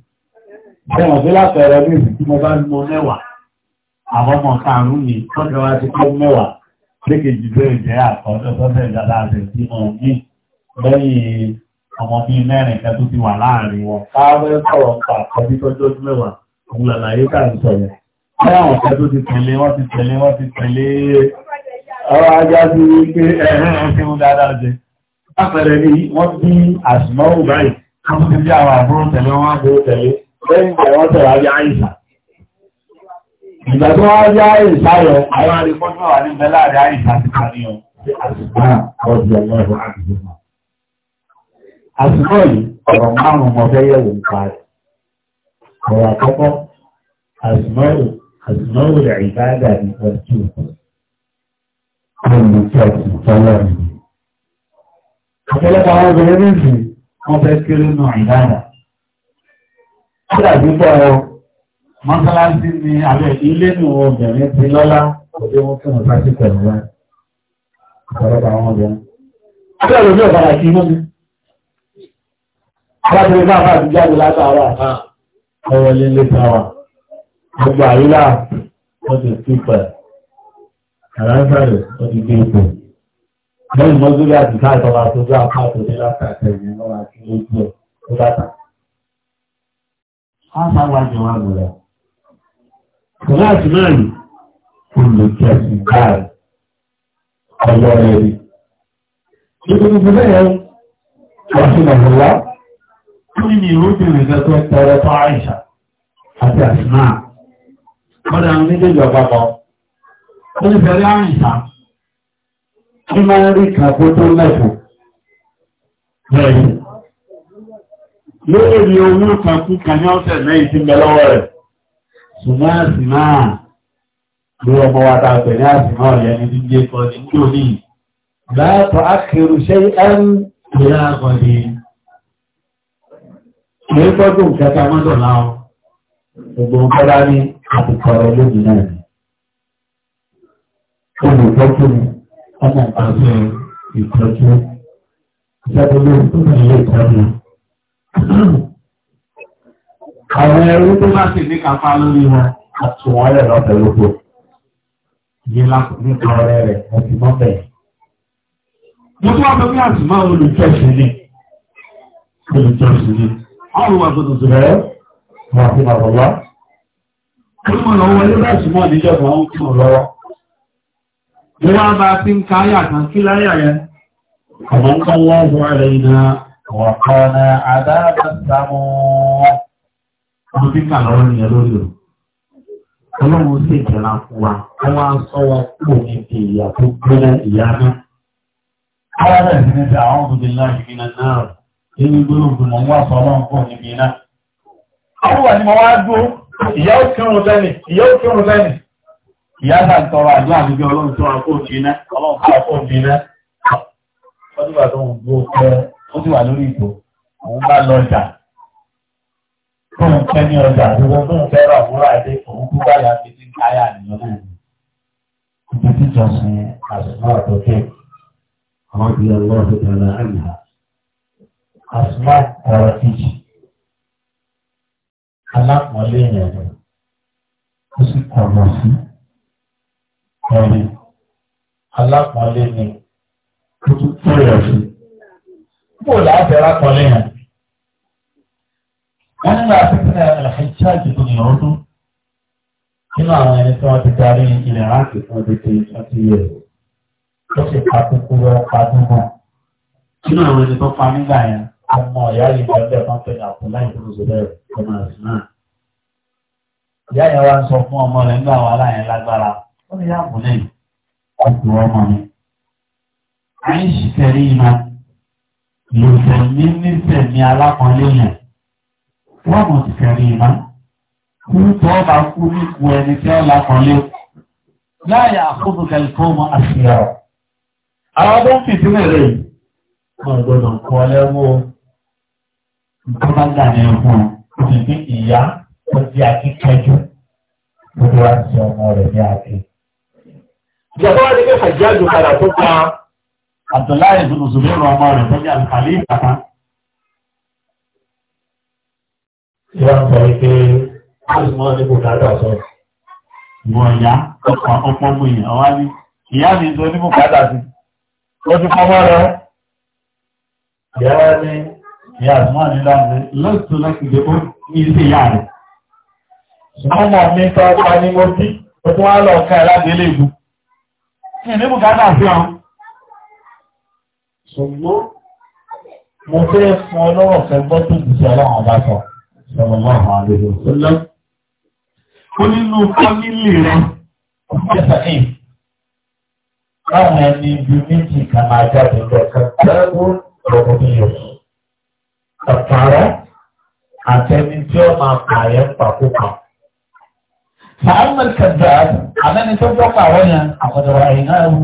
Bẹ́ẹ̀ ọ̀dọ́ látọ̀rọ̀ ní ìsìn tí mo bá mọ mẹ́wàá, àwọn ọmọ karùn-ún ni tọ́jọ́ wá ti kọ́ mẹ́wàá lékejì bẹ́ẹ̀ jẹ́ àkọ́jọ́ sọ́tẹ̀ ìjọba àti tí mo ní lẹ́yìn ọmọ bí mẹ́rin kan tó ti wà láàrin wọn. Káwẹ́ sọ̀rọ̀ pa àkọ́bí tọ́jọ́ ọdún mẹ́wàá, òun làlàyé kà ń sọ̀rọ̀. Bẹ́ẹ̀ àwọn kan tó ti tẹ̀lé, wọ́n ti tẹ̀lé, wọ́n ti tẹ̀lé ọ̀rọ̀ ajá sí wípé ẹ̀rẹ́ ẹ̀sìn ń dáadáa jẹ. Lápẹẹrẹ ni wọ́n bí àṣùmọ́ lẹ́yìn àwọn tẹ̀wà bí àìsà. Ìgbà tó wá bí àìsà yọ, àwọn arìkọ́jọ́ wà ní bẹ́lá rí àìsà ti kà ní ọ. Àsìkò yìí, ọ̀rọ̀ márùn-ún mọ̀ fẹ́ yẹ̀wò nípa rẹ̀. Ọ̀rọ̀ àkọ́kọ́, àsìmọ́ rẹ̀ ìbáàdà ní ọdún tó. Olùkọ́ ti tọ́lọ́ mi. Ọ̀pọ̀lọpọ̀ àwọn obìnrin méjì wọ́n fẹ́ kéré náà ìbáàdà. Kódà gbígbọ́ mọ́sálásí ni àwẹ̀ ilé nù obìnrin ti lọ́lá òde wọn fún ọ̀sá sí pẹ̀lú wa. Ọ̀pọ̀lọpọ̀ àwọn obìnrin. Kódà ló ní ọ̀bàrà kí mọ́ mi. Alábìnrin náà bá ti jáde látara ah. àká ọwọ́ lílé táwà. Gbogbo àyílá wọ́n ti sí pẹ̀. Àlàáfẹ́rẹ̀ wọ́n ti dé ipò. Lẹ́yìn mọ́sílẹ̀ àti káàtọ́ la tó gbá apá àtòlé látàkẹ́ ìyẹn lọ́wọ́ àti lójú ẹ̀ hata waje wangu leo. Salati nani? Kullu kiasi kari. Alwaledi. Ibn Zubair rahimahullah kuni ni rudi wizatu tarata Aisha àti Asma. Bada mide jo babo. Kuni sari Aisha. Kima ri kapoto nafu. Bẹ́ẹ̀ni lórí owó kankú kan ní ọ̀sẹ̀ mẹ́yìn tí mẹ́ lọ́wọ́ rẹ̀. ṣùgbọ́n àti náà ló ọmọ wa ta pẹ̀lú àti náà yẹ ní dídé kọ ní kúrò ní láàpọ̀ akẹrù ṣe ẹrù ìyá àkọlẹ̀ ní gbọ́dọ̀ kẹta mọ́tò náà gbogbo nkọ́lá ní àtìkọ̀rọ̀ lóbi náà ni. olùtọ́jú ọmọ nǹkan fún ìtọ́jú ìṣẹ́gun lórí tó ní ilé ìtọ́jú. Àwọn ẹrú tó bá sì ní kápá lórí wọn, àti wọn lẹ̀ lọ pẹ̀lú kò. Yé lápò ní kan ọ̀rẹ́ rẹ̀, wọ́n ti mọ́ bẹ̀rẹ̀. Mo tún wá sọ pé àtìmọ́ olùjọ́sìn ni. Olùjọ́sìn ni. Àwọn ìwà gbọdọ̀ sọ̀rọ̀ ẹ̀ wọ́n fi bàbá wá. Olúmọ̀ lọ wọlé láti mọ́ ìdíjọba ó kí lọ́wọ́. Mo wá bá ti ń káyà kan kí láyà yẹn. Àwọn kan wọ́n wọ Wọ̀kọ́nà àdáàbà sàmú. Ọmọ píkà lọ́rọ̀ ni o. Ọlọ́run sì jẹ́ra fún wa, wọ́n ń sọ wa kúrò ní ti ìyà tó gbẹ́nà ìyá náà. Àwọn ẹ̀rẹ́ sí ní ti àwọn òbí láì fi náà náà. Èyí mọ̀ ń wá sọ ọlọ́run kúrò níbi náà. Àwọn wà ní mo wá dúró, ìyá ó kírun lẹ́nì, ìyá ó Ìyá bá tọrọ ọlọ́run tó ó sì wà lórí ìbò òun bá lọ ọjà tóun fẹ́ ní ọjà gbogbo tóun fẹ́ rà wúrà dé òun kú bá yà fìdí káyà nìyọ náà ni ibi títọ́ sí àsùnmọ́ àtọ́kẹ́ àwọn ìyá ọlọ́run tó dára àyà àsùnmọ́ ọ̀rọ̀ kejì alápọ̀lé yẹn ó sì kọ̀ọ̀lọ̀ sí ẹ̀rí alápọ̀lé ni ó tún tó yẹ̀ sí. kó láàbẹ̀ rákọlẹ̀ yẹn. wọ́n nígbà pípẹ́ àlàkàìṣáàjì tó ní ọdún nínú àwọn ẹni tí wọ́n ti darí ilẹ̀ ráńkì fún ọdún ọtí yẹn ó sì pa kúkú rọ pa dúró nínú àwọn ẹni tó pa nígbà yẹn ọmọ ìyá yìí lọ bẹ́ẹ̀ bá ń pẹ̀lú láì fún oṣù bẹ́ẹ̀ ọmọ ẹ̀sìn náà. ìyá yẹn wá ń sọ fún ọmọ rẹ̀ nígbà wàhálà yẹn lágbára ó ní yàgò lẹ́yìn ọkùnrin ọmọ mi. àyè ṣì fẹ́ rí iná lùsẹ̀mí nísẹ̀mí alákọ̀ọ́lé yẹn wọ́n mọ̀ sí kẹrin ìmá kú tọ́ bá kú nípò ẹni tí ó lákọ̀ọ́lé láyé àkóso kẹlifọ́ọ̀mù àṣìyà àwọn tó ń fi sílẹ̀ rẹ̀ wọ́n gbọ́dọ̀ kọ́ lẹ́wọ́ nǹkan bá gbà ní ẹ̀kọ́ ó sì ìyá ó di akíkẹ́jú gbogbo àti ọmọ rẹ̀ ní àti. ìjọba wa ní kẹfà jáde padà tó pa Abdullahi bin Zubairu ọmọ rẹ̀ tó jẹ́ àlùkàlí ìkàtà. Ìyá ń sọ pé Ásùmọ́ ní bùkátà sọ. Ìwọ̀n ìyá ọkọ̀ ọpọ̀ mú ìyá wá ní. Ìyá mi tó ní bùkátà sí. Ó ti fọwọ́ rẹ̀. Ìyá wá ní. Ìyá Ásùmọ́ ní láti lọ́sùn láti lè ó ní ilé ìyá rẹ̀. Ọmọ mi sọ pa ní mo bí. Ó tún wá lọ ká ẹ láti ilé ìlú. Ìyá ní bùkátà sí ọ̀hún ṣùgbọ́n mo fẹ́ fún ọ lọ́wọ́ fẹ́ gbọ́ tó ti ṣe ọlọ́run ọba sọ sọ̀rọ̀ mọ́ àwọn àlejò tó lọ. ó nínú fámìlì rẹ ọ̀pẹ̀sà ẹ̀ báwọn ẹni ibi méjì kan àtẹni tí ó máa pààyàn pàkópa. Sàámù kẹ̀dà àbẹ́ni tó gbọ́ pàwọ́ yẹn àkọ́dọ̀rọ̀ àyìnlá ẹ̀wù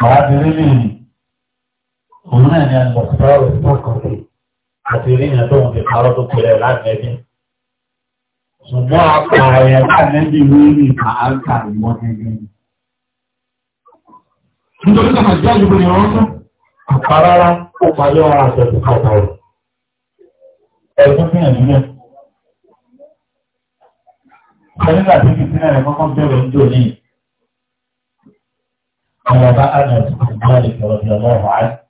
àwọn abìrin lè rìn òun náà ni àlùmọ̀sítọ́rọ̀ ìfọ́kànlẹ̀ àti ìrìnà tó ń fi parọ́ tó pẹ̀lẹ̀ láàrẹ́bí ṣùgbọ́n àpààyàn láàrẹ́bí wíìlì àáńkà ìwọ́n gẹ́gẹ́ ni nítorí kàmà jẹ́ àjùbò ni wọ́n tún àpárárá ó parí ọ̀rọ̀ àṣẹ̀kù kàtàrù ẹ̀kún fíyàn nílẹ̀ kọ́nílà tí kìtìnà rẹ̀ kọ́kọ́ bẹ̀rẹ̀ ń dòní àwọn ọba ánà ìtùkù máa lè kọ̀rọ̀ bí ọlọ́run àìsí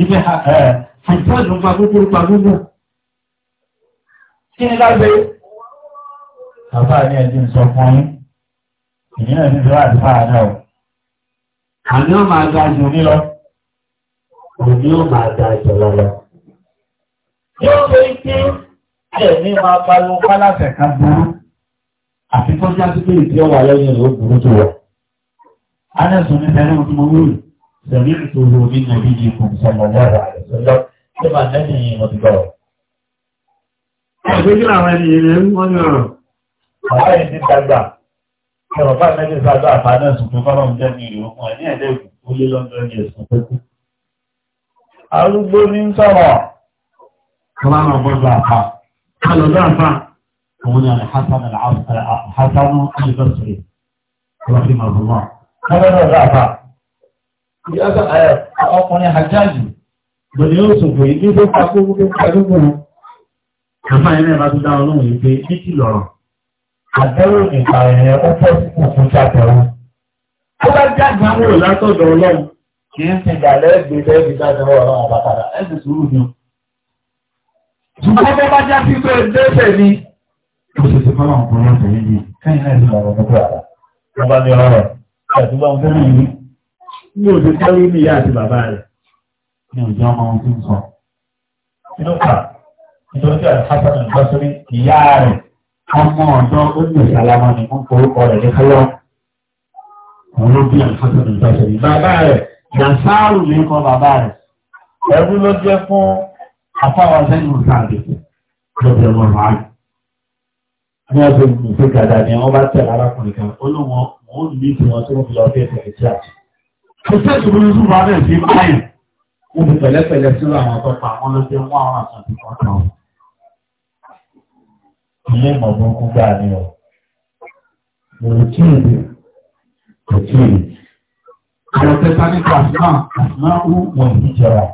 ìfẹ́ eh, àìsọ́ọ̀dù pa gbogbo pa gbogbo kí ni lábẹ́ bàbá ní ẹ̀jẹ̀ ń sọ fún yín ìyẹn ní ìlú àdúrà náà àmì ó máa ga jù ní lọ òní yóò fẹ́ pé ẹ̀mí máa pariwo pálásẹ̀ kan burú àfikún sí àtúntò ìdí ọwà lẹ́yìn rẹ̀ ó burú jù wọ̀ sẹ̀rí ìtòrò ní nàbí di ikùn sọmọ̀lá rẹ̀ sọ́lọ́ tó bá lẹ́yìn ọdúgbọ́. Àgbéjú àwọn ènìyàn ń wọ́n yọ̀rọ̀. Bàbá yìí ti dàgbà. Ẹ̀rọ̀ bá mẹ́jọ sáájú àfáàdà ṣùgbọ́n bá wọn jẹ́ mi ìlú fún ẹ̀ ní ẹ̀dẹ́gùn ó lé lọ́dọ̀ ní ẹ̀sùn tó kú. Arúgbó ní ń sọ̀rọ̀. Kọ́lánà bọ́dọ̀ àfá. Kọ́lọ́dọ̀ àfá. Òun ni Alhassan Alhassan Alhassan Alhassan Alhassan Alhassan Alhassan Alhassan Alhassan Alhassan ọkùnrin àjájì lórí ó sòfò yìí ní tó takó gbogbo pẹ̀lúgbò àmá ẹ̀rẹ́ bá tó dá ọlọ́run yìí pé ní kí lọ̀rọ̀ àtẹ́rù nípa ẹ̀rẹ́ ó pọ̀ sí kòkó jàtẹ̀rù ó bá jáde àwọn òun látọ̀dọ̀ ọlọ́run kì í ti dà lẹ́gbẹ̀ẹ́ lẹ́gbẹ̀ẹ́ jáde ọlọ́run àbápadà ẹ̀sìn sùúrù ni ṣùgbọ́n bó bá já sí pé dẹ́sẹ̀ ni ó sì ti fọ́nà ọkùnrin ọ̀sẹ̀ yìí kẹ́yìn náà ti lọ̀rọ̀ gbogbo àrà ní òjò tẹ́rí ní ìyá àti bàbá rẹ̀ ní òjò ọmọ ohun tí ń sọ. inú kà nítorí tí Al-Hasan al-Basri ìyá rẹ̀ ọmọ ọ̀dọ́ ó ní ìsàlámà ní mú orúkọ rẹ̀ ní kọ́lọ́ òun ló bí Al-Hasan al-Basri bàbá rẹ̀ yansáàrù ní kọ́ bàbá rẹ̀ ẹ̀rú ló jẹ́ fún afáwọn sẹ́yìn sáàdì lọ́bẹ̀ ọmọ rẹ̀ ní ọdún ìfẹ́ gàdá ni wọ́n bá tẹ̀lé arákùnrin kan ó lóun ó ní ìfẹ́ wọn tó ń fi lọ fẹ́ fẹ́ fẹ́ Kò sí èsì burú sí Buhari sí báyìí. Mo fi pẹ̀lẹ́pẹ̀lẹ́ sí àwọn ọ̀tọ́ pa àwọn lọ́jọ́ wọ́n àwọn àṣàbí kọ̀ọ̀kan. Ilé ìmọ̀ burúkú gbà ni ọ̀. Mo lè kí ìdè. Kò kí ìdè. Àwọn tẹ́ta nípa àṣìmá àṣìmá ó mọ̀ ìjọra.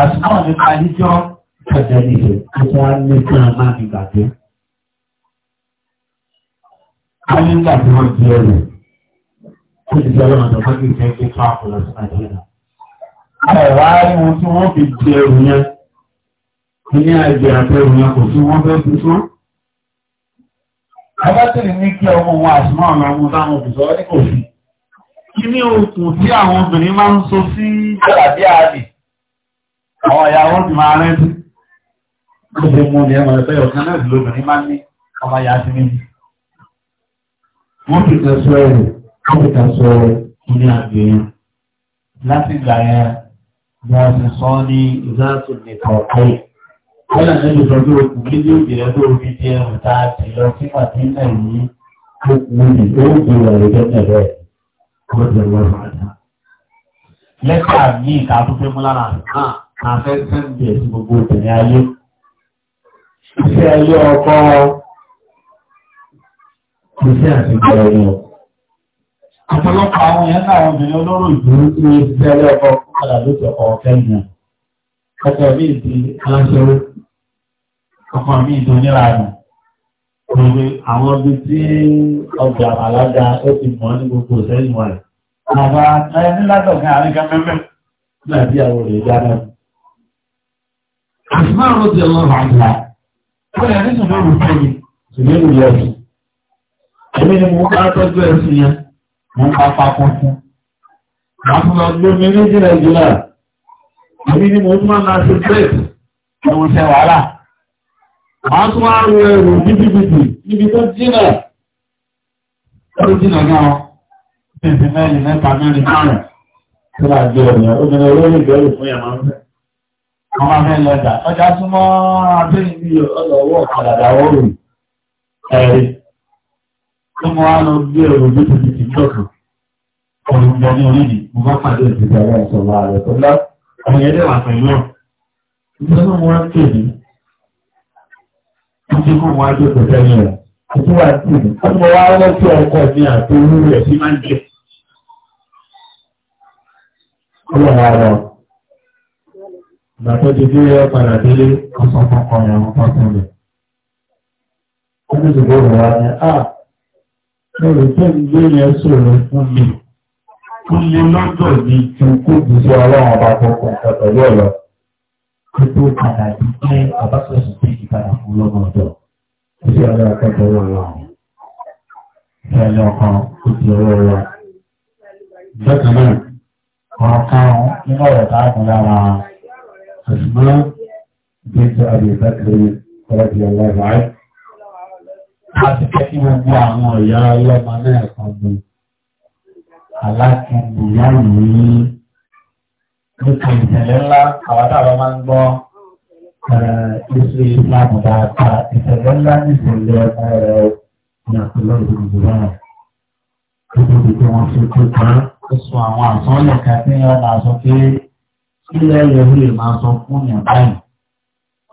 Àṣìmá ò nípa ìjọ kẹjẹ nìyẹn. Ó tún wá ní kí wọ́n máa ní gbàgbé. Wọ́n ní gbàgbé wọn di ó ti jẹ́ lọ́nà tó fẹ́ kí ìjẹ́ gbé páàkù lọ sí nàìjíríà. ẹ̀rọ ariwo tí wọ́n fi di ẹrù yẹn ní àìjẹ́ àti ẹrù yẹn kò sí wọ́n fẹ́ fi fún. abátìrì ní kí ọmọ wọn àsùnmọ́ àwọn ọmọ táwọn òbí sọ ní kò sí. kí ní okùn tí àwọn obìnrin máa ń so sí jàdàbí àlè àwọn ìyàwó ti máa rántí. ó ti mú ni ẹmọ ẹgbẹ́ ọ̀kan náà lóbìnrin máa ń ní ọmọ ìyá sí níbi. wọ́n fi tẹ̀sọ́ ẹ̀rù ó ta sọ ilé àgbè yẹn láti gbà yẹn bá a ti sọ ní ìzáàtò nìkan ọ̀pẹ́ wọ́n lànà ìjọba okùn méjèèjì rẹ̀ tó fi jẹ́ ọ̀tá àti lọ sí màtínà yìí ó kú ní ó gbé ọ̀rẹ́ gẹ́gẹ́ rẹ̀ kó jẹ́ wọ́n fàdá. lẹ́tà ní ìka tó fẹ́ mú lára náà a fẹ́ sẹ́ǹdẹ̀ sí gbogbo obìnrin ayé. iṣẹ́ ayé ọkọ iṣẹ́ àti ìgbà ẹ̀yìn Ọ̀pọ̀lọpọ̀ àwọn èèyàn náà obìnrin olóró ìdúró tí ó ti tẹ́lẹ̀ ọkọ̀ padà ló ti ọkọ̀ kẹ́yìn. Ọkọ̀ mi ti aláṣẹ ọkọ̀ mi ti oníranù. Òwe àwọn ibi tí ọjà àlága ó ti mọ̀ ní gbogbo sẹ́yìn wọn. Àbá ẹni látọ̀gá àríkà mẹ́mẹ́ láti àwọn olè dáná. Àṣìmáà ló ti ọlọ́run àgbà. Ó yẹ ní sùnmọ́ òrùn fẹ́yìn, sùnmọ́ ẹ̀sìn yẹn wọ́n ká papọ̀ fún. Àtúnlọ lómi méjìlá ìjìlá, èmi ni mo tún máa máa ṣe break, ẹ̀wọ̀n ṣe wàhálà. Màá tún wá rú ẹrù bíbíbìbì níbi tó jìnà. Ó jìnà náà, bíbí mẹ́rin mẹ́ta mẹ́rin ìjọkàn ọ̀rọ̀ ìjọ ní orílẹ̀ mo bá pàdé ìjọba àwọn ìṣọ̀lá rẹ̀ tó lá ọmọ ẹlẹ́wà pẹ̀lú ọ̀ ìjọba náà wọ́n ń tèmi tó ti kó wọn ajé pẹ̀lú ẹni rẹ̀ tó ti wà tèmi ọmọ wa wọ́n tí ọkọ̀ ní àti orí rẹ̀ sí máa ń jẹ ọlọ́run ara ìgbà tó di bí ẹ padà délé ọsàn kọkọ ọ̀rọ̀ ọkọ̀ sílẹ̀ ó ní ìṣòro rẹ̀ wá ah, ní Ẹ̀rẹ̀ tẹ́ ń gbé yẹn sọ̀rọ̀ fún mi. Fún mi lọ́dọ̀ ní ju kó jù sí ọlọ́run ọba kọ̀ọ̀kan pẹ̀lú ọ̀lọ́. Gbogbo padà ti jẹ́ àbáṣọ̀sì tí kì padà fún lọ́mọ ọ̀dọ̀. Kò sí ọlọ́run ọkọ̀ pẹ̀lú ọ̀lọ́run. Ẹ̀lẹ́ ọkàn ó ti ọwọ́ wa. Bẹ́ẹ̀ náà, ọ̀rọ̀ kan nínú ọ̀rọ̀ tá a kún lára Àṣùmọ́ Bíjọ́ Àbí Bẹ́kẹ̀rẹ̀ Ọlọ́dì Ọlọ́run láti jẹ́ kí gbogbo àwọn ìyá ọlọ́mọ náà kan ní alákìndì ìyá yìí nípa ìṣẹ̀lẹ̀ ńlá àwádáwà máa ń gbọ́ ìṣú eh, Islam dáadáa ìṣẹ̀lẹ̀ ńlá ní ìṣẹ̀lẹ̀ ọmọ rẹ̀ ní àpẹẹrẹ ìdìbò náà títí di pé wọ́n fi kú tán ó sọ àwọn àsọ́lẹ̀ kan tí wọ́n máa sọ pé kílẹ̀ yẹn lè máa sọ fún yàn báyìí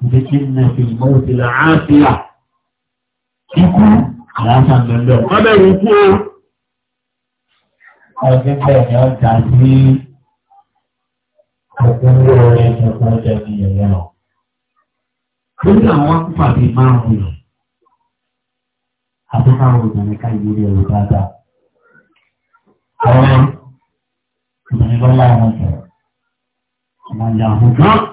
ìdíkí ní fi mọ́ òsì ikú àwọn afẹ́fẹ́ wọ́n bẹ̀rù ikú o. ọdún bẹ́ẹ̀ ni ó dá sí ọdún lórí ẹgbẹ́ ọjọ́ ní ẹ̀yẹ lọ. lórí àwọn pàdé márùn-ún yìí àti káwọn obìnrin ká ìlú rẹ̀ lọ dáadáa. àwọn obìnrin lọ́la wọn jẹ́ ọmọ ìyá àwọn náà.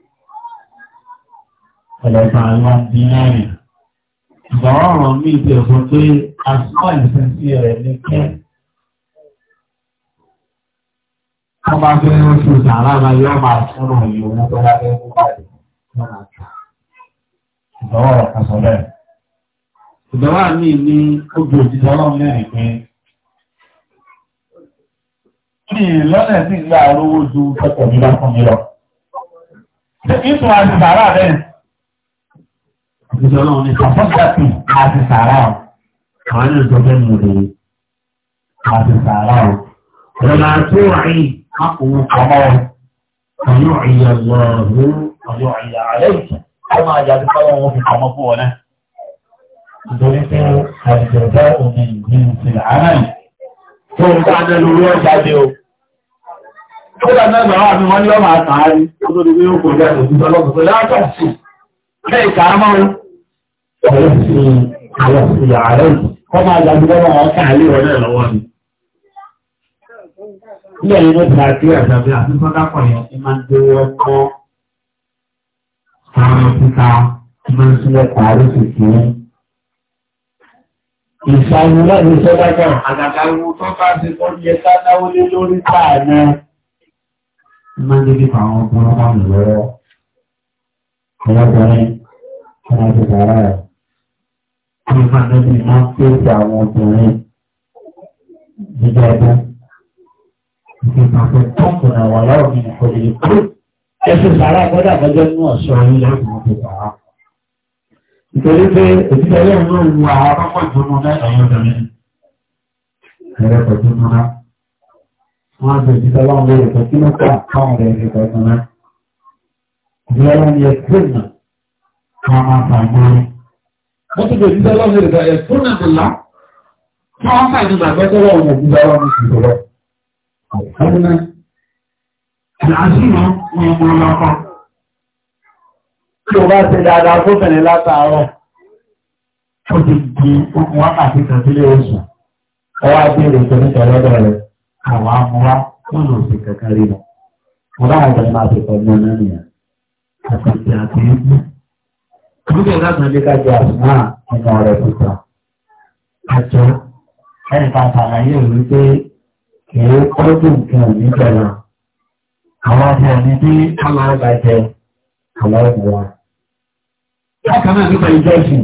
ọ̀lọ́ta àwọn dínárì. Ìgbàwọ́ ọ̀rọ̀ mi ti ẹ̀fọ́ pé àsìkò ìfẹ́ sí rẹ̀ ní kẹ́. Wọ́n bá fẹ́ oṣù sàrà máa yọ máa fúnra ìlú owó tó bá fẹ́ kó báyìí lọ́nà àjọ. Ìgbàwọ́ ọ̀rọ̀ kan sọ bẹ́ẹ̀. Ìgbàwọ́ mi ní ojú òjijì ọlọ́run mẹ́rin pé mi lọ́nà sí ìgbà rówó ju tọkọ̀ mi bá lọ. Ṣé kí n tún wá sí sàrà bẹ́ẹ̀? ìjọ náà ní sàfọ́sàtì àti sàárà ọ̀ àwọn ẹni tó fẹ́ mú lè àti sàárà ọ̀ ọ̀nà tó rí akùnrin kọ́mọ́ ọ̀yọ́ ìyá lọ́rù ọ̀yọ́ ìyá rẹ̀ ọmọ àjàdí kọ́mọ́ wọn fi kọ́mọ́ fún ọ náà nítorí pé àìjọ̀dá omi ìgbín ti àárẹ̀ tó ń bá dẹnu rí ọjà dé o. Ó náà lọ́wọ́ àmì wọn ní ọmọ àtàárí, ó tó di pé ó kò jẹ́ òṣìṣẹ́ lọ́sọ̀tọ̀ yàtọ̀ sí. Bẹ́ẹ̀ kàá máa ọ̀rẹ́ sí àwọn ìyà ààrẹ wọ́n máa gbàgbé lọ́wọ́ àwọn káàlì wọn náà lọ́wọ́ ni. Ilé ẹ̀yìn ló ta sí àgbàgbé àti sọ́dápọ̀ yẹn ti máa ń gbé wọ́n kọ́ sáwọn títa tí máa ń sílẹ̀ pàrọ̀ sí fún un. Ìṣàyẹ̀wò náà ní sọ́dápọ̀ àgàgà wo tó bá ti kọ́ yẹ ká dáwó lé lórí sáà náà. Wọ́n máa ń débi pa àwọn ọmọ ọmọ mi lọ́wọ́. Ọlọ́gbọ́n ni wọ́n ti bàárà rẹ̀ ní máa lẹ́bí máa ń pèsè àwọn obìnrin jíjẹ ẹgbẹ́. Ìgbìmọ̀ àti tọ́kùnrin àwọn aláwọ̀ mi kò lè kú. Ẹ fi sàárà gbọ́dọ̀ àgbẹ́jọ́ ní ọ̀ṣọ́ yín láti mọ̀ fi sàárà. pé òṣìṣẹ́ ilé ìlú ìlú àwọn akọ́kọ́ ìdúnnú náà ẹ̀yọ́ obìnrin. Ẹ̀rẹ́ kò dúnnú náà. Wọ́n á ti òṣìṣẹ́ lọ́wọ́ kí ló kọ́ àkáwọn rẹ̀ fi kọ́ dúnnú náà. Ìjọba ni ẹ̀kú ìnà. Wọ́n máa fà á wọ́n tún lòdì sọ́lọ́ ní ìrìnà ẹ̀ fún àbúlá tí wọ́n kà ní màgbẹ́ tó wọ́n wọ̀ nígbà wọn sì lọ. Àbúná àṣìmọ́ ní ọmọ ọlọ́kọ. Tí o bá ṣe dáadáa fún bẹ̀rẹ̀ látàárọ̀, ó ti di okùn wákàtí kan sílé oṣù. Ọwọ́ abéèrè ìtọ́jú ìtọ́lọ́dọ̀ rẹ̀ àwọn amúwá wọn lò sí kankan rí lọ. Mo bá àwọn ọ̀dọ́ máa ṣe pọ̀ mọ́ náà nìyẹn. Àkàtì àti ẹgbẹ́. Nígbè láti ọdún ká jẹ àṣìmá ẹnu ọ̀rẹ́ púpọ̀. Àjọ ẹni ká ṣàlàyé ìlú pé kìí kọ́jú nǹkan òní jẹun. Àwọn ọmọ mi bí káwọn ọba jẹ àwọn ọmọ wa. Bákan náà nípa ìjọsìn,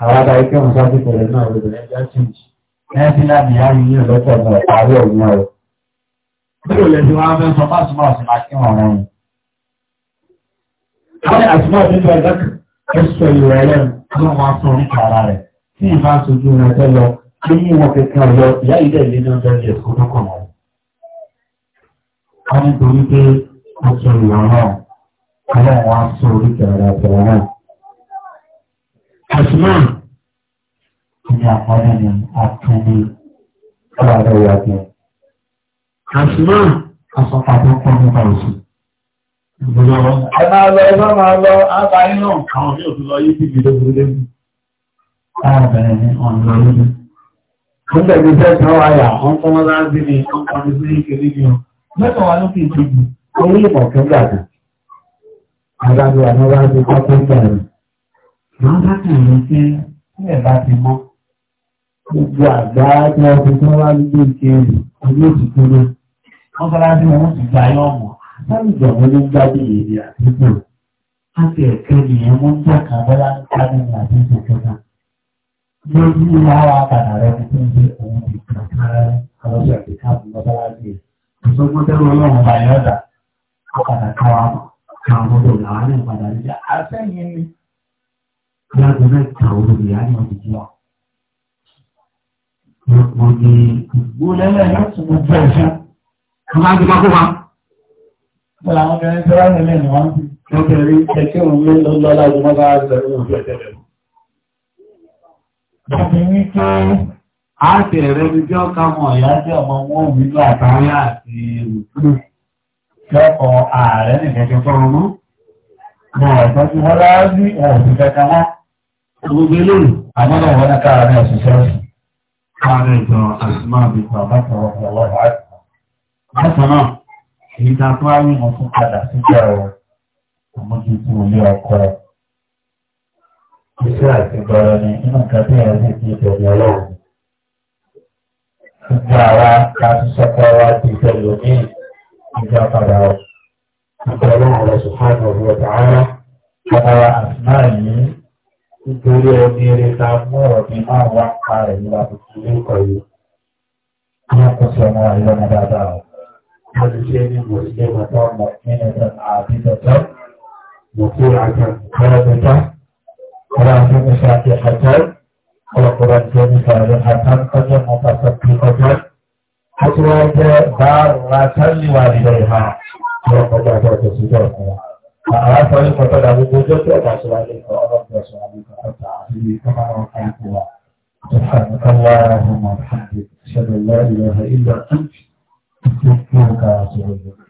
àwọn ọba ikẹ́ wọn sáájú pẹ̀lú náà lóde ẹjọ́ síjì. Ẹbí láti yá ní ìlú lọ́pọ̀ náà parí òun ọ̀rọ̀. Bí ò lè fi wọn fẹ́ sọ fásitì máa sì máa kí ó ìwẹ̀ rẹ̀ ọlọ́run aṣọ oríkà ara rẹ̀ tí ìbá sojú rẹ̀ tẹ́ lọ tó ní wọn kankan lọ ìyá ìdẹ̀ lé náà bẹ́ẹ̀ lè fún lọ́kàn wọn. wọ́n ní pé ó ìwẹ̀ náà ọlọ́run aṣọ oríkà ara rẹ̀ náà. àṣùmọ́ ìní àpọ́nlé ni àtúndì ọlọ́run ẹ̀yà jẹ. àṣùmọ́ àṣọpàdé pọ́n nípa òṣù. Ẹ máa lọ, ẹ máa lọ, àbá iná kan ní òtún lọ yí bíbi lóbi lóbi. Ààbẹ̀rẹ̀ ọ̀nà lóbi. Wọ́n tẹ̀lé fẹ́ tán wáyà, wọ́n tán wọ́n láti ní ọkàn ní sí ìkéré ní ọ. Mẹ́tàn wá lókè ìjọba, orí ìmọ̀ kan gbàgbé. Àgbàdo àná wá sí pápá ìgbàlẹ̀. Màá bá kàn ní pé ilẹ̀ sáàlùjọ wọn ló ń gbádùn èdè àdúgbò láti ẹ̀kẹ́ nìyẹn wọ́n ń jàkà bọ́lá ń kánú àti ìṣèjọba lórí ìwáwá padà rẹ ní fún ṣe òun ti kàkà àlọ́sọ̀ àti káàbù mọ́sálásí ẹ̀ ìṣọ́gbọ́n tẹ́lú ọlọ́run bá yọ̀ dà ọ̀padà káwa káwọn ọmọdé làwọn náà padà rí jà àṣẹ́yìn ni láti mẹ́ta olùyà ní ọ̀dìjì wa. Mo ní ìgbólẹ́lẹ̀ láti mú bẹ́ẹ̀ fún. Àwọn Ọ̀là àwọn obìnrin tó ráhùn lẹ́nu wọ́n ti nítorí ẹ̀kí òun ló lọ lọ́lá ọdún mọ́ bá zẹ̀rẹ̀ òun jẹ́ tẹ́lẹ̀. Ọ̀bí ní kí á ti ẹ̀rẹ́ bí jọ́ ká mọ̀ ìyá jẹ́ ọmọ wọn òun nílò àtàrí àti ìrùkúrù. Lọ́kọ̀ ààrẹ nìkan ti fọ́ ọmọ. Mo ọ̀tọ́ ti wọ́n lára sí ọ̀sìn kẹta wọn. Gbogbo eléyìí, àmọ́ náà wọ́n ní káàárín àṣìṣẹ́ ọ̀sìn. Káàárín ìjọ àṣìmáàbí bàbá kan ọ̀pọ̀lọpọ̀ àti. Bákan náà, èyí tá a tó ráyè wọn tún padà síjà ọ àmójútó ilé ọkọ iṣẹ́ àtìgbọrọ ni nínú nǹkan tí èèyàn sì ti tẹ̀lé ọlọ́run gbogbo àwa ká sọ́kọ́ wa ti tẹ̀lé ní ìjọ padà ọ ìjọ ọlọ́run rẹ̀ sùfáàmù ọ̀rọ̀ tààrà ọmọ àtúná yìí nítorí ẹni eré ta mú ọ̀gbìn náà wá pa rẹ̀ nígbà tuntun lẹ́kọ̀ọ́ yìí. Wọ́n kò sí ọmọ àìlọ́mọ dáadáa. كل شيء مسلمة مؤمنة عابدة مطيعة قادمة ولا قرآن وقرآن صالحة قد متصدقة حسوات بارة لوالديها وقد أتت سجارها فأعرف أن قد أبوجت وأسوالك وأرد أسوالك حتى أعطيه كما وقعتها سبحانك اللهم وبحمدك أشهد أن لا إله إلا أنت Thank you.